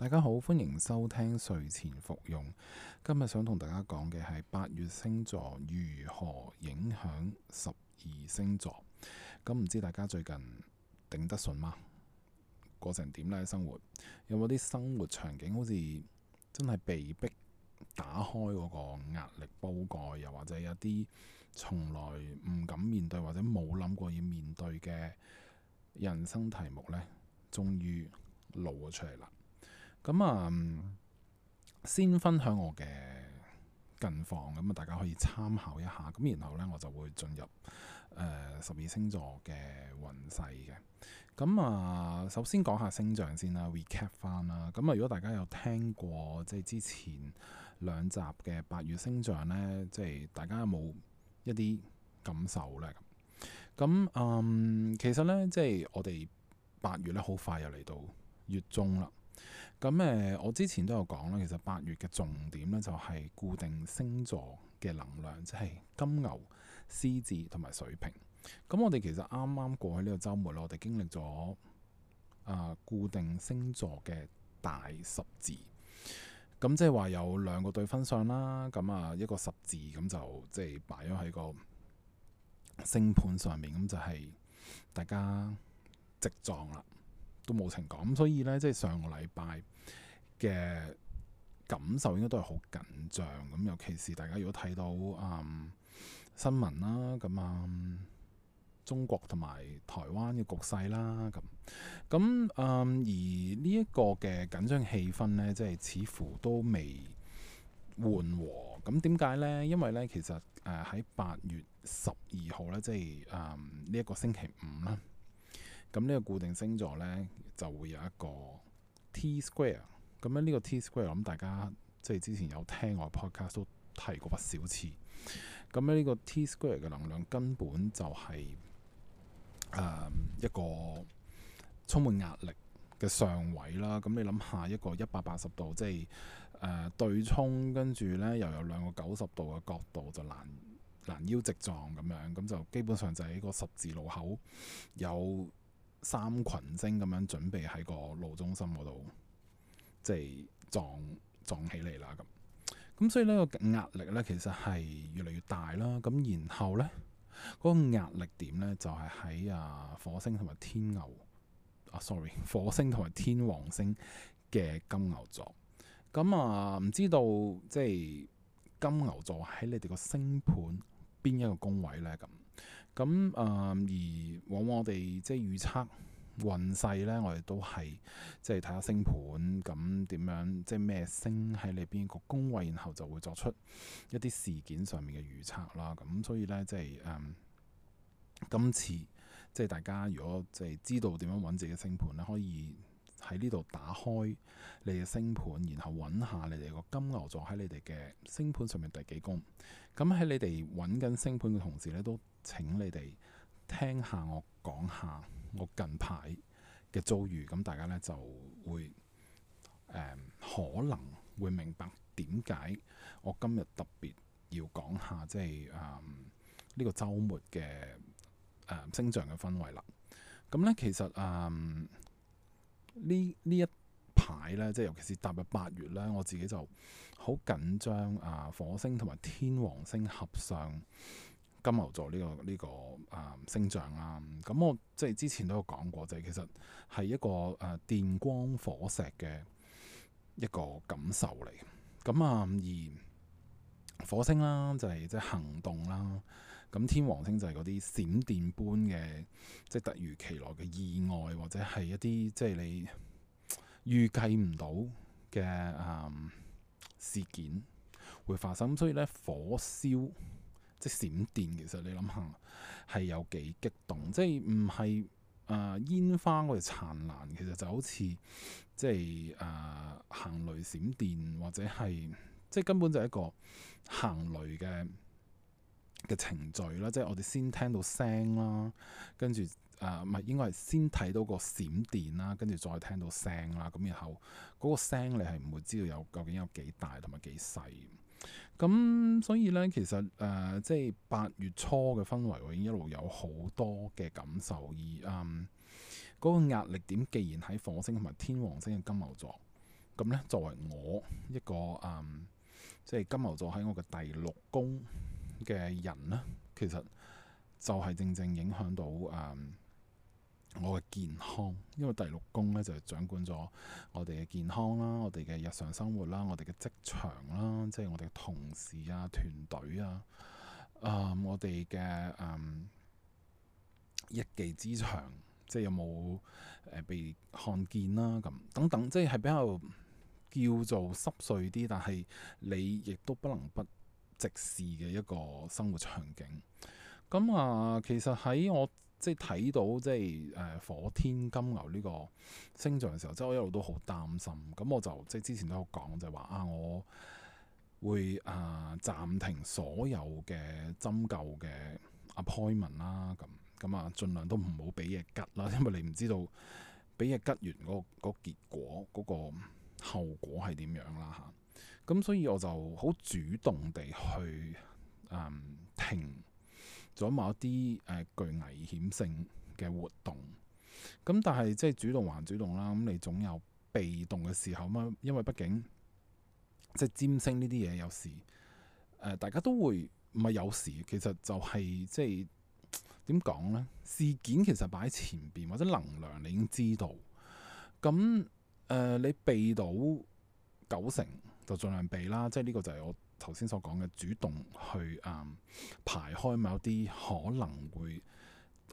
大家好，歡迎收聽睡前服用。今日想同大家講嘅係八月星座如何影響十二星座。咁唔知大家最近頂得順嗎？過成點咧？生活有冇啲生活場景好似真係被逼打開嗰個壓力煲蓋，又或者有啲從來唔敢面對或者冇諗過要面對嘅人生題目呢？終於露咗出嚟啦。咁啊，先分享我嘅近況，咁啊，大家可以參考一下。咁，然後咧，我就會進入誒十二星座嘅運勢嘅。咁啊，首先講下星象先啦，recap 翻啦。咁啊，如果大家有聽過即係之前兩集嘅八月星象咧，即係大家有冇一啲感受咧？咁嗯，其實咧，即係我哋八月咧，好快又嚟到月中啦。咁誒，我之前都有講啦，其實八月嘅重點咧，就係固定星座嘅能量，即係金牛、獅子同埋水瓶。咁我哋其實啱啱過去呢個周末啦，我哋經歷咗誒固定星座嘅大十字。咁即係話有兩個對分相啦，咁啊一個十字，咁就即係擺咗喺個星盤上面，咁就係大家直撞啦。都冇情感，所以呢，即係上個禮拜嘅感受應該都係好緊張咁。尤其是大家如果睇到啊、嗯、新聞啦，咁、嗯、啊中國同埋台灣嘅局勢啦，咁咁、嗯、而呢一個嘅緊張氣氛呢，即係似乎都未緩和。咁點解呢？因為呢，其實誒喺八月十二號呢，即係呢一個星期五啦。咁呢個固定星座呢，就會有一個 T square。咁樣呢個 T square，我諗大家即係之前有聽我 podcast 都提過不少次。咁咧呢個 T square 嘅能量根本就係、是、誒、呃、一個充滿壓力嘅上位啦。咁你諗下一個一百八十度，即係誒對沖，跟住呢又有兩個九十度嘅角度，就攔攔腰直撞咁樣。咁就基本上就係一個十字路口有。三群星咁樣準備喺個路中心嗰度，即係撞撞起嚟啦咁。咁所以呢個壓力咧，其實係越嚟越大啦。咁然後咧，嗰個壓力點咧就係喺啊火星同埋天牛啊，sorry 火星同埋天王星嘅金牛座。咁啊唔知道即係金牛座喺你哋個星盤邊一個宮位咧咁。咁誒、嗯，而往往我哋即係預測運勢咧，我哋都係即係睇下星盤，咁點樣即係咩星喺裏邊個宮位，然後就會作出一啲事件上面嘅預測啦。咁所以咧，即係誒、嗯，今次即係大家如果即係知道點樣揾自己星盤咧，可以。喺呢度打開你嘅星盤，然後揾下你哋個金牛座喺你哋嘅星盤上面第幾宮。咁喺你哋揾緊星盤嘅同時呢，都請你哋聽下我講下我近排嘅遭遇。咁大家呢就會誒、呃、可能會明白點解我今日特別要講下，即係誒呢個週末嘅誒星象嘅氛圍啦。咁呢其實誒。呃呢呢一排呢，即係尤其是踏入八月呢，我自己就好緊張啊。火星同埋天王星合上金牛座呢、呢個呢、呢個啊星象啦、啊，咁我即係之前都有講過，就係其實係一個誒電光火石嘅一個感受嚟。咁啊，而火星啦，就係即係行動啦。咁天王星就係嗰啲閃電般嘅，即係突如其來嘅意外，或者係一啲即係你預計唔到嘅誒、嗯、事件會發生。所以咧，火燒即係閃電，其實你諗下係有幾激動？即係唔係誒煙花嗰啲燦爛？其實就好似即係誒、呃、行雷閃電，或者係即係根本就係一個行雷嘅。嘅程序啦，即係我哋先聽到聲啦，跟住誒唔係應該係先睇到個閃電啦，跟住再聽到聲啦，咁然後嗰個聲你係唔會知道有究竟有幾大同埋幾細。咁所以呢，其實誒、呃、即係八月初嘅氛圍我已經一路有好多嘅感受，而嗯嗰、嗰個壓力點既然喺火星同埋天王星嘅金牛座，咁呢作為我一個誒、嗯、即係金牛座喺我嘅第六宮。嘅人呢，其實就係正正影響到誒、嗯、我嘅健康，因為第六宮呢，就係、掌管咗我哋嘅健康啦、我哋嘅日常生活啦、我哋嘅職場啦、即係我哋嘅同事啊、團隊啊、誒、嗯、我哋嘅、嗯、一技之長，即係有冇被看見啦，咁等等，即係比較叫做濕碎啲，但係你亦都不能不。直視嘅一個生活場景，咁、嗯、啊，其實喺我即係睇到即係誒火天金牛呢個星座嘅時候，即係我一路都好擔心，咁我就即係之前都有講就係、是、話啊，我會啊、呃、暫停所有嘅針灸嘅 appointment 啦，咁咁啊，盡量都唔好俾嘢吉啦，因為你唔知道俾嘢吉完嗰嗰、嗰個、結果嗰、嗰個後果係點樣啦嚇。啊。咁所以我就好主動地去嗯停咗某一啲誒具危險性嘅活動。咁、嗯、但係即係主動還主動啦。咁、嗯、你總有被動嘅時候嘛。因為畢竟即係占星呢啲嘢有時誒、呃，大家都會唔係有時其實就係、是、即係點講呢？事件其實擺喺前邊或者能量你已經知道咁誒、嗯呃，你避到九成。就盡量避啦，即係呢個就係我頭先所講嘅主動去嗯排開某啲可能會誒、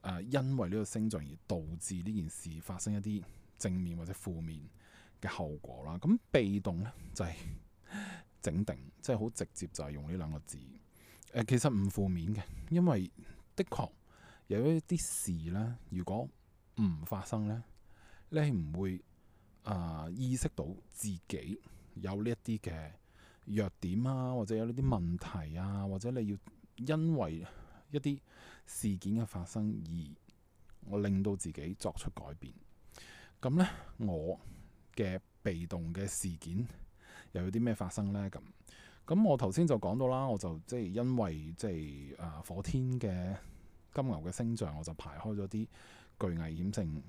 呃、因為呢個星象而導致呢件事發生一啲正面或者負面嘅後果啦。咁、嗯、被動呢，就係、是、整定，即係好直接就係用呢兩個字。誒、呃，其實唔負面嘅，因為的確有一啲事呢，如果唔發生呢，你唔會啊、呃、意識到自己。有呢啲嘅弱點啊，或者有呢啲問題啊，或者你要因為一啲事件嘅發生而我令到自己作出改變。咁呢，我嘅被動嘅事件又有啲咩發生呢？咁咁，我頭先就講到啦，我就即係因為即係啊火天嘅金牛嘅星象，我就排開咗啲具危險性。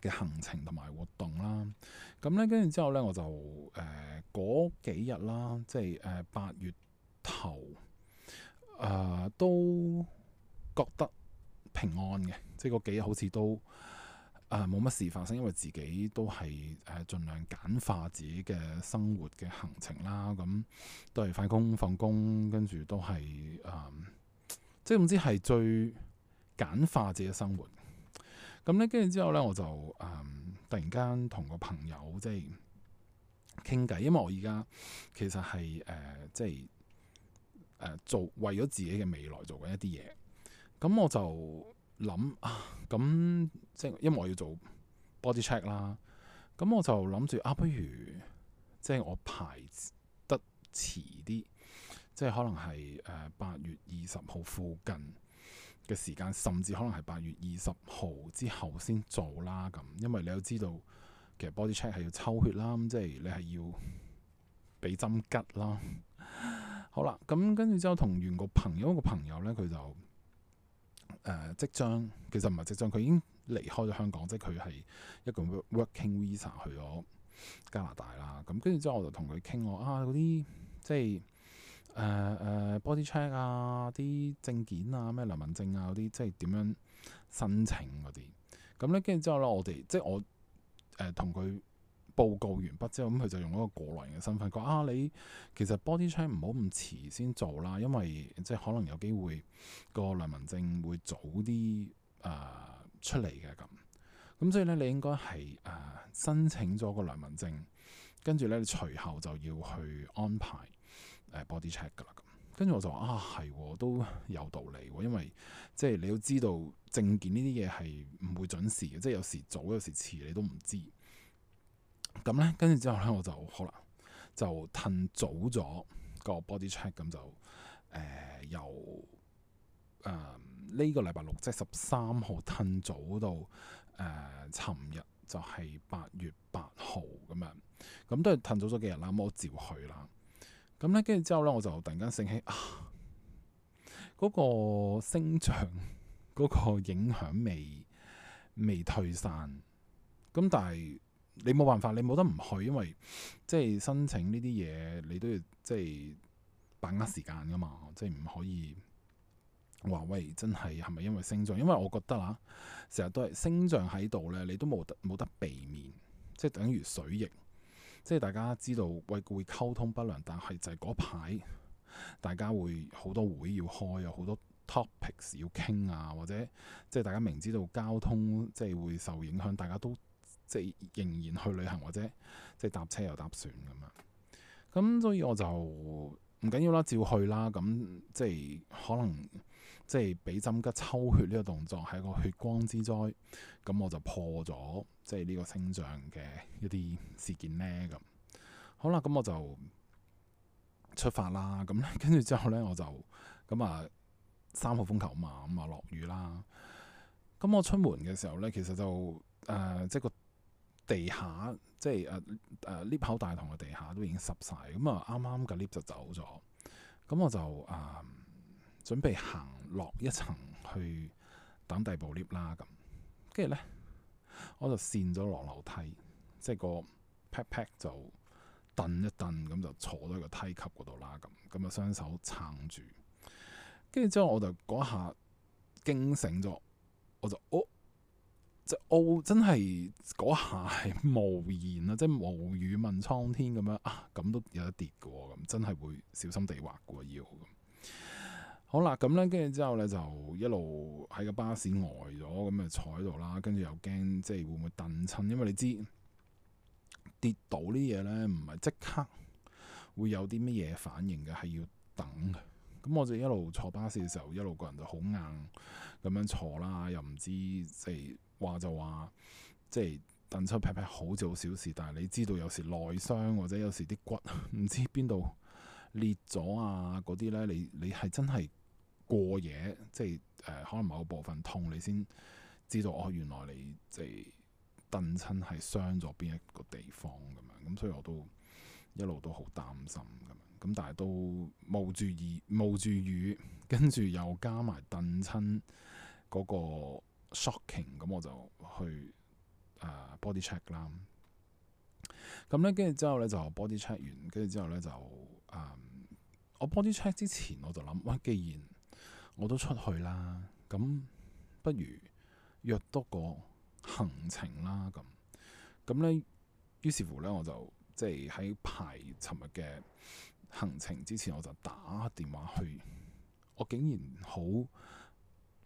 嘅行程同埋活動啦，咁咧跟住之後咧，我就誒嗰、呃、幾日啦，即係誒、呃、八月頭誒、呃、都覺得平安嘅，即係嗰幾日好似都誒冇乜事發生，因為自己都係誒盡量簡化自己嘅生活嘅行程啦，咁、啊、都係返工放工，跟住都係誒、呃、即係總之係最簡化自己嘅生活。咁咧跟住之後咧，我就誒、嗯、突然間同個朋友即係傾偈，因為我而家其實係誒、呃、即係誒、呃、做為咗自己嘅未來做緊一啲嘢。咁、嗯、我就諗啊，咁即係因為我要做 body check 啦、嗯。咁我就諗住啊，不如即係我排得遲啲，即係可能係誒八月二十號附近。嘅時間甚至可能係八月二十號之後先做啦，咁，因為你要知道其實 body check 係要抽血啦，咁即係你係要俾針吉啦。 好啦，咁跟住之後同完個朋友，個朋友咧，佢就誒即將其實唔係即將，佢已經離開咗香港，即係佢係一個 working visa 去咗加拿大啦。咁跟住之後我就同佢傾我啊、啲、即係。誒誒、呃、body check 啊，啲證件啊，咩良民證啊嗰啲，即係點樣申請嗰啲？咁咧，跟住之後咧，我哋即係我誒同佢報告完畢之後，咁、嗯、佢就用一個過來人嘅身份講啊，你其實 body check 唔好咁遲先做啦，因為即係可能有機會、個良民證會早啲啊、呃、出嚟嘅咁。咁所以咧，你應該係誒申請咗個良民證，跟住咧你隨後就要去安排。誒 body check 㗎啦，咁跟住我就話啊，係，都有道理喎，因為即係你要知道證件呢啲嘢係唔會準時嘅，即係有時早，有時遲，你都唔知。咁咧，跟住之後咧，我就好啦，就褪早咗個 body check，咁就誒、呃、由誒呢、呃呢個禮拜六，即係十三號褪早到誒尋、呃、日，就係八月八號咁樣，咁都係褪早咗幾日啦，我照去啦。咁咧，跟住之後咧，我就突然間醒起，啊，嗰、那個星象嗰個影響未未退散。咁但係你冇辦法，你冇得唔去，因為即係申請呢啲嘢，你都要即係把握時間㗎嘛，即係唔可以話喂，真係係咪因為星象？因為我覺得啊，成日都係星象喺度咧，你都冇得冇得避免，即係等於水逆。即係大家知道會會溝通不良，但係就係嗰排大家會好多會要開有好多 topics 要傾啊，或者即係大家明知道交通即係會受影響，大家都即係仍然去旅行，或者即係搭車又搭船咁啊。咁所以我就唔緊要啦，照去啦。咁即係可能。即係俾針吉抽血呢個動作係一個血光之災，咁我就破咗即係呢個星象嘅一啲事件呢。咁。好啦，咁我就出發啦。咁跟住之後呢，我就咁啊，三號風球嘛，咁啊落雨啦。咁我出門嘅時候呢，其實就誒、呃、即係個地下，即係誒誒 lift 口大堂嘅地下都已經濕晒。咁啊啱啱個 lift 就走咗，咁我就誒。呃準備行落一層去等第部 lift 啦，咁跟住咧，我就跣咗落樓梯，即係個 pat pat 就蹬一蹬，咁就坐咗喺個梯級嗰度啦，咁咁就雙手撐住，跟住之後我就嗰下驚醒咗，我就哦，即係哦真係嗰下係無言啊，即係無語問蒼天咁樣啊，咁都有得跌嘅喎，咁真係會小心地滑嘅喎要。好啦，咁咧，跟住之後咧，就一路喺個巴士呆咗，咁咪坐喺度啦。跟住又驚，即係會唔會蹬親？因為你知跌倒呢嘢咧，唔係即刻會有啲乜嘢反應嘅，係要等嘅。咁我就一路坐巴士嘅時候，一路個人就好硬咁樣坐啦，又唔知即係話就話，即係蹬親劈劈好就小事。但係你知道有時內傷或者有時啲骨唔 知邊度裂咗啊嗰啲咧，你你係真係～過嘢，即係誒、呃，可能某部分痛，你先知道哦、呃。原來你即係蹬親係傷咗邊一個地方咁樣，咁所以我都一路都好擔心咁樣。咁但係都冒住雨，冒住雨，跟住又加埋蹬親嗰個 shocking，咁我就去誒、呃、body check 啦。咁咧，跟住之後咧就 body check 完，跟住之後咧就誒、呃，我 body check 之前我就諗，喂，既然我都出去啦，咁不如約多個行程啦，咁咁咧，於是乎咧，我就即係喺排尋日嘅行程之前，我就打電話去，我竟然好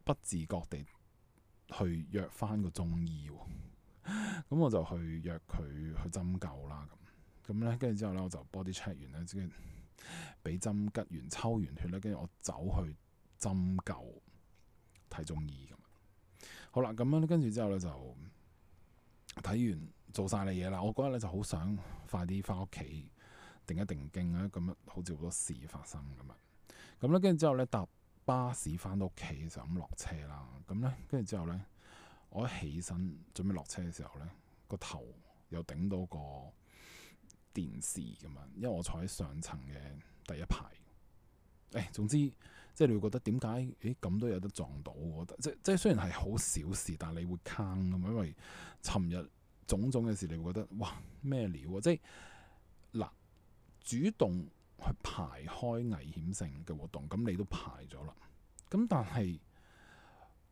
不自覺地去約返個中醫喎，咁我就去約佢去針灸啦，咁咁咧，跟住之後咧，我就 body check 完咧，即係俾針吉完、抽完血咧，跟住我走去。針灸睇中醫咁啊，好啦，咁樣跟住之後咧，就睇完做晒你嘢啦。我嗰日咧，就好想快啲翻屋企定一定經啊。咁樣好似好多事發生咁啊。咁咧，跟住之後咧，搭巴士翻到屋企就咁落車啦。咁咧跟住之後咧，我一起身準備落車嘅時候咧，個頭又頂到個電視咁啊。因為我坐喺上層嘅第一排，誒、欸，總之。即係你會覺得點解？誒咁都有得撞到，我覺得，即即雖然係好小事，但係你會坑咁，因為尋日種種嘅事，你會覺得哇咩料啊！即係嗱，主動去排開危險性嘅活動，咁你都排咗啦。咁但係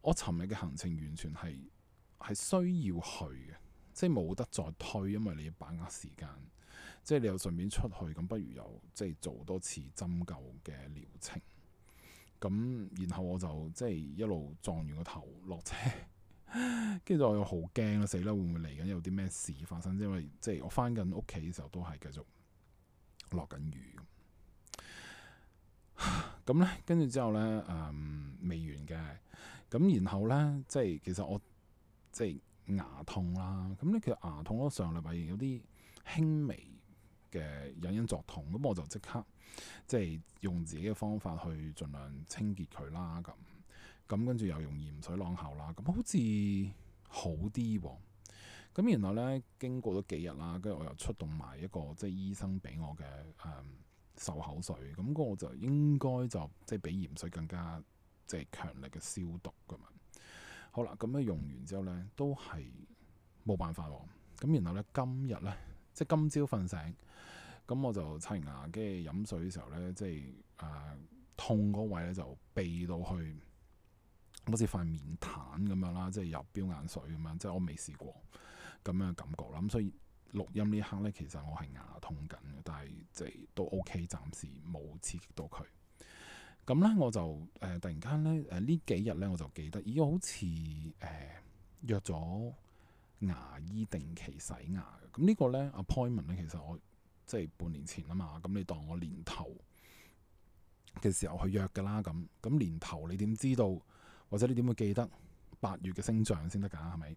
我尋日嘅行程完全係係需要去嘅，即係冇得再推，因為你要把握時間。即係你又順便出去，咁不如又即係做多次針灸嘅療程。咁，然後我就即係一路撞完個頭落車，跟 住我又好驚啦！死啦，會唔會嚟緊有啲咩事發生？因為即係我翻緊屋企時候都係繼續落緊雨咁。咁咧，跟住之後咧，嗯，未完嘅。咁然後咧，即係其實我即係牙痛啦。咁呢，其實牙痛，我上禮拜有啲輕微嘅隱隱作痛，咁我就即刻即係用自己嘅方法去盡量清潔佢啦，咁咁跟住又用鹽水啷喉啦，咁好似好啲喎、哦。咁然後咧，經過咗幾日啦，跟住我又出動埋一個即係醫生俾我嘅誒漱口水，咁、那、我、個、就應該就即係比鹽水更加即係強力嘅消毒噶嘛。好啦，咁咧用完之後咧都係冇辦法喎、哦。咁然後咧今日咧。即係今朝瞓醒，咁我就刷牙，跟住飲水嘅時候咧，即係誒、呃、痛嗰位咧就痹到去，好似塊面癱咁樣啦，即係又飆眼水咁樣，即係我未試過咁樣嘅感覺啦。咁、嗯、所以錄音呢一刻咧，其實我係牙痛緊嘅，但係即係都 OK，暫時冇刺激到佢。咁咧我就誒、呃、突然間咧誒呢幾日咧我就記得，咦好似誒、呃、約咗。牙醫定期洗牙嘅，咁呢個呢 appointment 咧，其實我即係半年前啊嘛，咁你當我年頭嘅時候去約嘅啦，咁咁年頭你點知道，或者你點會記得八月嘅星象先得㗎，係咪？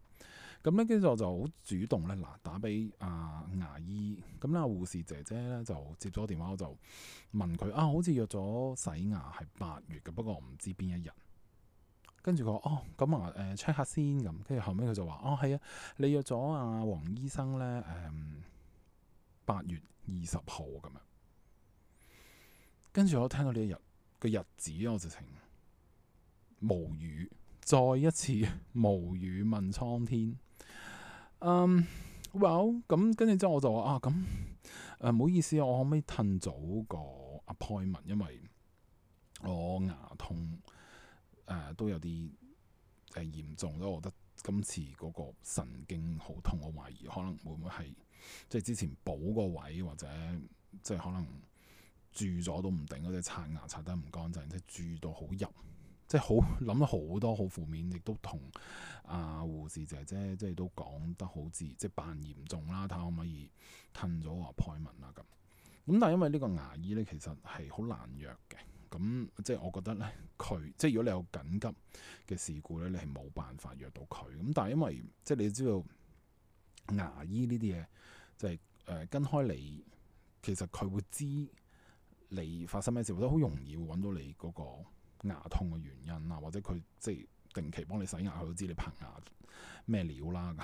咁呢，跟住我就好主動呢，嗱，打俾阿牙醫，咁咧阿護士姐姐呢，就接咗電話，我就問佢啊，好似約咗洗牙係八月嘅，不過我唔知邊一日。跟住佢話哦，咁啊誒 check 下先咁，跟住後尾，佢就話哦係啊，你約咗阿黃醫生咧誒八月二十號咁樣。跟住我聽到呢日個日子，我就情無語，再一次無語問蒼天。嗯，好咁，跟住之後我就話啊咁誒，唔好意思，我可唔可以褪早個 appointment，因為我牙痛。誒、呃、都有啲誒、呃、嚴重，所以我覺得今次嗰個神經好痛，我懷疑可能會唔會係即係之前補個位或者即係可能蛀咗都唔定，嗰隻刷牙刷得唔乾淨，即係蛀到好入，即係好諗到好多好負面，亦都同啊、呃、護士姐姐即係都講得好自即係扮嚴重啦，睇下可唔可以褪咗個 appointment 啊咁。咁但係因為呢個牙醫咧，其實係好難約嘅。咁即係我覺得咧，佢即係如果你有緊急嘅事故咧，你係冇辦法約到佢。咁但係因為即係你知道牙醫呢啲嘢，即係誒跟開你，其實佢會知你發生咩事，或者好容易會揾到你嗰個牙痛嘅原因啊，或者佢即係定期幫你洗牙，佢都知你拍牙咩料啦。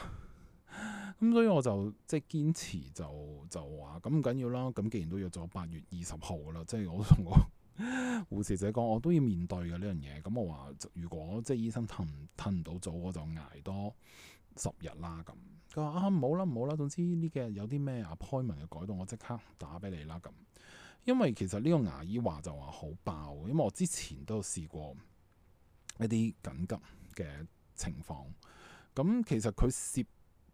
咁 所以我就即係堅持就就話咁唔緊要啦。咁既然都約咗八月二十號啦，即係我同我。 護士姐講，我都要面對嘅呢樣嘢。咁我話如果即係醫生褪褪唔到早，我就捱多十日啦。咁佢話啊，唔好啦，唔好啦，總之呢幾日有啲咩 appointment 嘅改動，我即刻打俾你啦。咁因為其實呢個牙醫話就話好爆，因為我之前都有試過一啲緊急嘅情況，咁其實佢涉。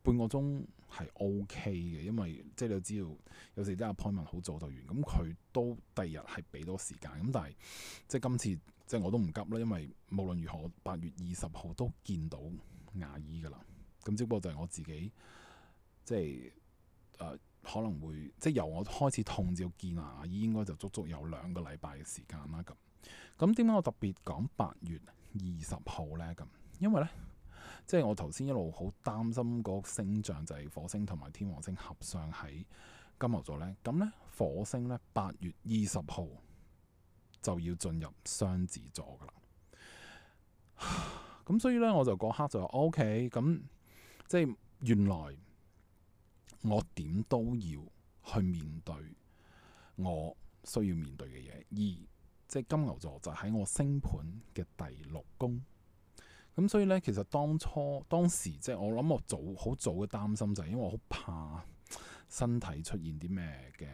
半個鐘係 O K 嘅，因為即係你知道，有時啲 appointment 好早就完，咁佢都第二日係俾多時間。咁但係即係今次即係我都唔急啦，因為無論如何，八月二十號都見到牙醫㗎喇。咁只不過就係我自己，即係誒、呃、可能會即係由我開始痛至到見牙醫，應該就足足有兩個禮拜嘅時間啦。咁咁點解我特別講八月二十號咧？咁因為咧。即係我頭先一路好擔心個星象，就係火星同埋天王星合相喺金牛座呢。咁呢火星呢，八月二十號就要進入雙子座噶啦。咁所以呢，我就嗰刻就話 OK。咁即係原來我點都要去面對我需要面對嘅嘢。而即係金牛座就喺我星盤嘅第六宮。咁所以咧，其實當初當時即係我諗，我早好早嘅擔心就係因為我好怕身體出現啲咩嘅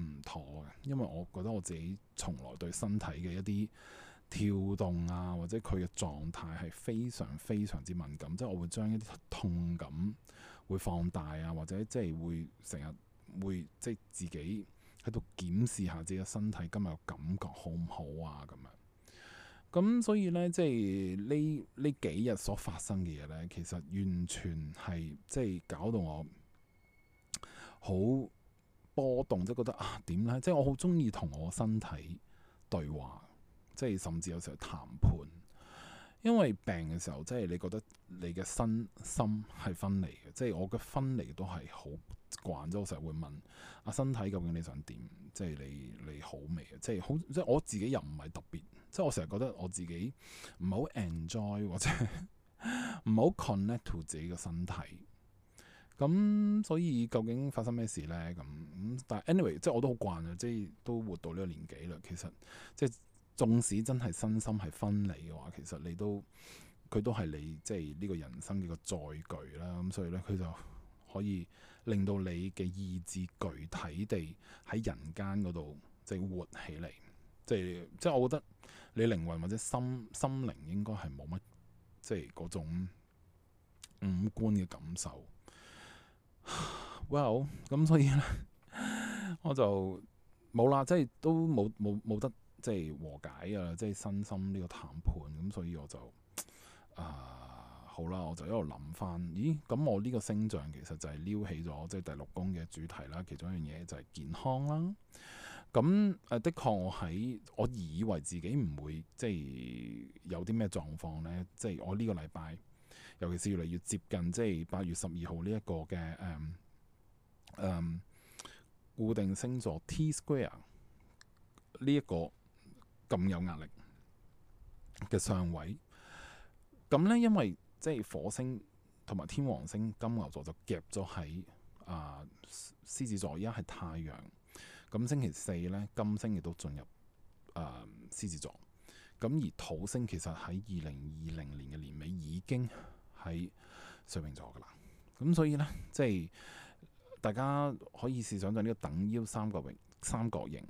唔妥嘅，因為我覺得我自己從來對身體嘅一啲跳動啊，或者佢嘅狀態係非常非常之敏感，即係我會將一啲痛感會放大啊，或者即係會成日會即係自己喺度檢視下自己嘅身體今日嘅感覺好唔好啊咁樣。咁所以呢，即係呢呢幾日所發生嘅嘢呢，其實完全係即係搞到我好波動，即係覺得啊點呢？即係我好鍾意同我身體對話，即係甚至有時候談判，因為病嘅時候，即係你覺得你嘅身心係分離嘅，即係我嘅分離都係好。慣咗，我成日會問阿身體究竟你想點？即係你你好未？即係好即係我自己又唔係特別，即係我成日覺得我自己唔好 enjoy 或者唔好 connect to 自己個身體。咁所以究竟發生咩事咧？咁但係 anyway，即係我都好慣啊！即係都活到呢個年紀啦，其實即係縱使真係身心係分離嘅話，其實你都佢都係你即係呢個人生嘅個載具啦。咁所以咧，佢就。可以令到你嘅意志具體地喺人間嗰度即係活起嚟，即係即係我覺得你靈魂或者心心靈應該係冇乜即係嗰種五官嘅感受。Well 咁所以咧，我就冇啦，即係都冇冇冇得即係和解啊！即係身心呢個談判，咁所以我就啊～，呃好啦，我就一路諗翻，咦？咁我呢個星象其實就係撩起咗即係第六宮嘅主題啦。其中一樣嘢就係健康啦。咁誒，的確我喺我以為自己唔會即係有啲咩狀況呢？即係我呢個禮拜，尤其是越嚟越接近即係八月十二號呢一個嘅誒、嗯嗯、固定星座 T Square 呢一個咁有壓力嘅上位咁呢，因為。即係火星同埋天王星金牛座就夾咗喺啊獅子座，而家係太陽。咁星期四咧，金星亦都進入啊、呃、獅子座。咁而土星其實喺二零二零年嘅年尾已經喺水瓶座㗎喇。咁所以咧，即係大家可以試想像呢個等腰三角形三角形，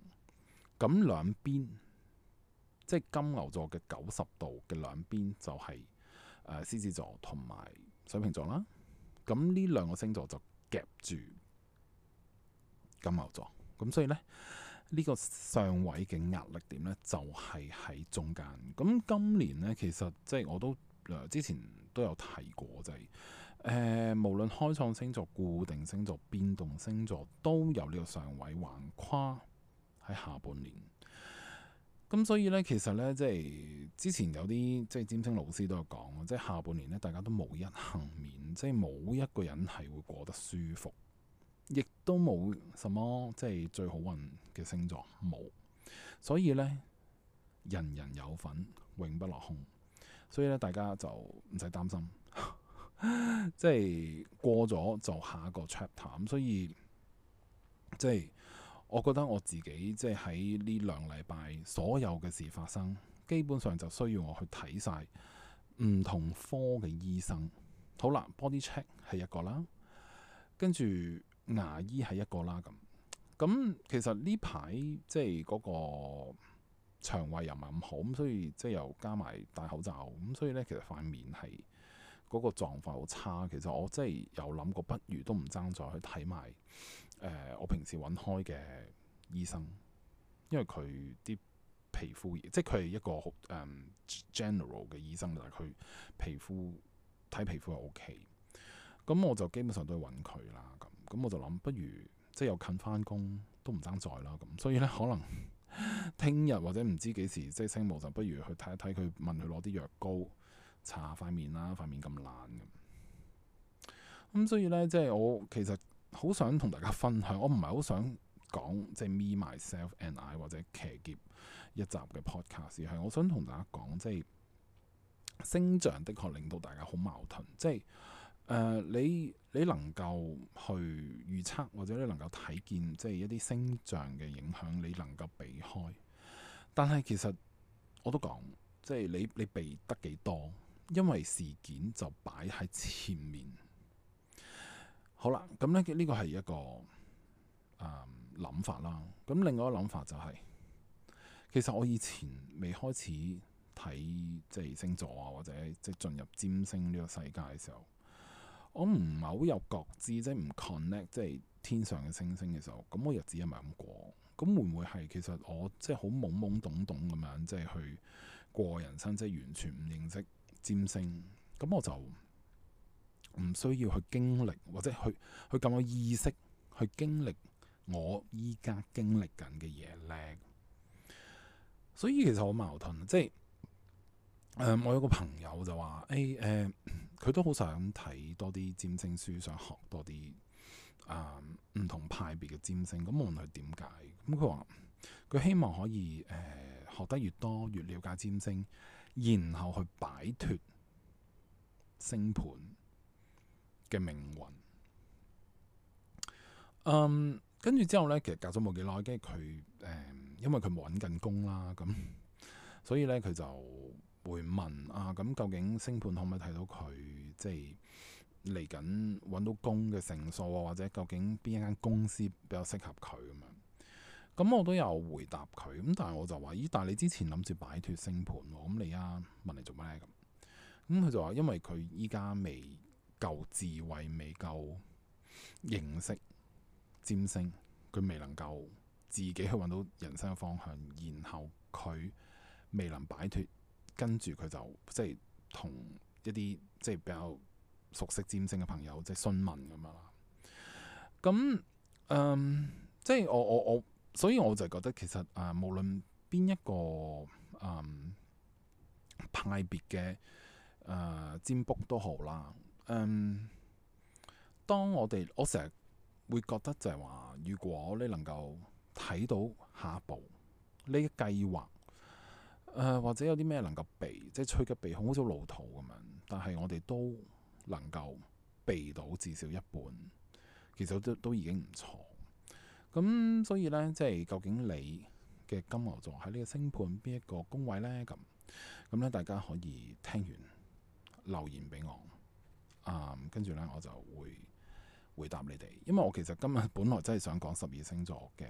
咁兩邊即係金牛座嘅九十度嘅兩邊就係、是。誒、呃、獅子座同埋水瓶座啦，咁呢兩個星座就夾住金牛座，咁所以呢，呢、呢個上位嘅壓力點呢，就係喺中間。咁今年呢，其實即係、就係、我都、呃、之前都有睇過就誒、是呃、無論開創星座、固定星座、變動星座都有呢個上位橫跨喺下半年。咁所以呢，其實呢，即係之前有啲即係占星老師都有講，即係下半年呢，大家都冇人幸免，即係冇一個人係會過得舒服，亦都冇乜即係最好運嘅星座冇。所以呢，人人有份，永不落空。所以呢，大家就唔使擔心， 即係過咗就下一個 chapter。咁所以即係。我覺得我自己即係喺呢兩禮拜所有嘅事發生，基本上就需要我去睇晒唔同科嘅醫生。好啦，body check 係一個啦，跟住牙醫係一個啦咁。咁其實呢排即係嗰個腸胃又唔係咁好，咁所以即係又加埋戴口罩，咁所以咧其實塊面係，嗰個狀況好差，其實我真係有諗過，不如都唔爭在去睇埋誒，我平時揾開嘅醫生，因為佢啲皮膚，即係佢係一個好、um, general 嘅醫生，但係佢皮膚睇皮膚係 OK，咁我就基本上都去揾佢啦。咁咁我就諗，不如即係又近返工，都唔爭在啦。咁所以呢，可能聽日 或者唔知幾時即係清冇，就不如去睇一睇佢，問佢攞啲藥膏。搽塊面啦，塊面咁爛咁。所以呢，即係我其實好想同大家分享，我唔係好想講即係 Me Myself and I 或者騎劫一集嘅 podcast，係我想同大家講，即係星象的確令到大家好矛盾。即係誒、呃，你你能夠去預測，或者你能夠睇見，即係一啲星象嘅影響，你能夠避開。但係其實我都講，即係你你避得幾多？因為事件就擺喺前面，好啦。咁咧，呢個係一個啊嗯、諗法啦。咁另外一個諗法就係，其實我以前未開始睇即係星座啊，或者即係進入占星呢個世界嘅時候，我唔係好有覺知，即係唔 connect 即係天上嘅星星嘅時候。咁我日子係咪咁過？咁會唔會係其實我即係好懵懵懂懂咁樣，即係去過人生，即係完全唔認識。占星，咁我就唔需要去經歷或者去去咁有意識去經歷我而家經歷緊嘅嘢咧。所以其實好矛盾，即係誒、呃，我有個朋友就話誒，誒、哎，佢、呃、都好想睇多啲占星書，想學多啲誒唔同派別嘅占星。咁我問佢點解？咁佢話佢希望可以誒、呃、學得越多，越了解占星。然後去擺脫星盤嘅命運。嗯，跟住之後呢，其實隔咗冇幾耐，跟住佢，誒、呃，因為佢冇揾緊工啦，咁、嗯，所以呢，佢就會問啊，咁究竟星盤可唔可以睇到佢，即係嚟緊揾到工嘅成數啊，或者究竟邊一間公司比較適合佢啊？咁、嗯、我都有回答佢，咁但係我就話，咦？但係你之前諗住擺脫星盤，咁你而家問你做咩咁？咁、嗯、佢就話，因為佢依家未夠智慧，未夠認識占星，佢未能夠自己去搵到人生嘅方向，然後佢未能擺脫，跟住佢就即係同一啲即係比較熟悉占星嘅朋友即係詢問咁樣啦。咁嗯，即係我我我。我我所以我就覺得其實誒、呃、無論邊一個誒派別嘅誒占卜都好啦，嗯，當我哋我成日會覺得就係話如果你能夠睇到下一步呢個計劃，誒、呃、或者有啲咩能夠避，即係趨吉避凶好似老土咁樣，但係我哋都能夠避到至少一半，其實都都已經唔錯。咁所以咧，即係究竟你嘅金牛座喺呢個星盤邊一個宮位咧？咁咁咧，大家可以聽完留言俾我，啊、嗯，跟住咧，我就會回答你哋。因為我其實今日本來真係想講十二星座嘅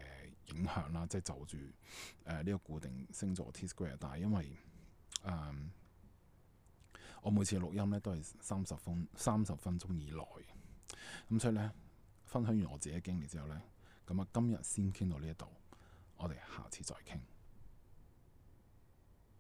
影響啦，即係就住誒呢個固定星座 T-square，但係因為誒、嗯、我每次錄音咧都係三十分三十分鐘以內，咁、嗯、所以咧分享完我自己嘅經歷之後咧。咁啊，今日先傾到呢一度，我哋下次再傾。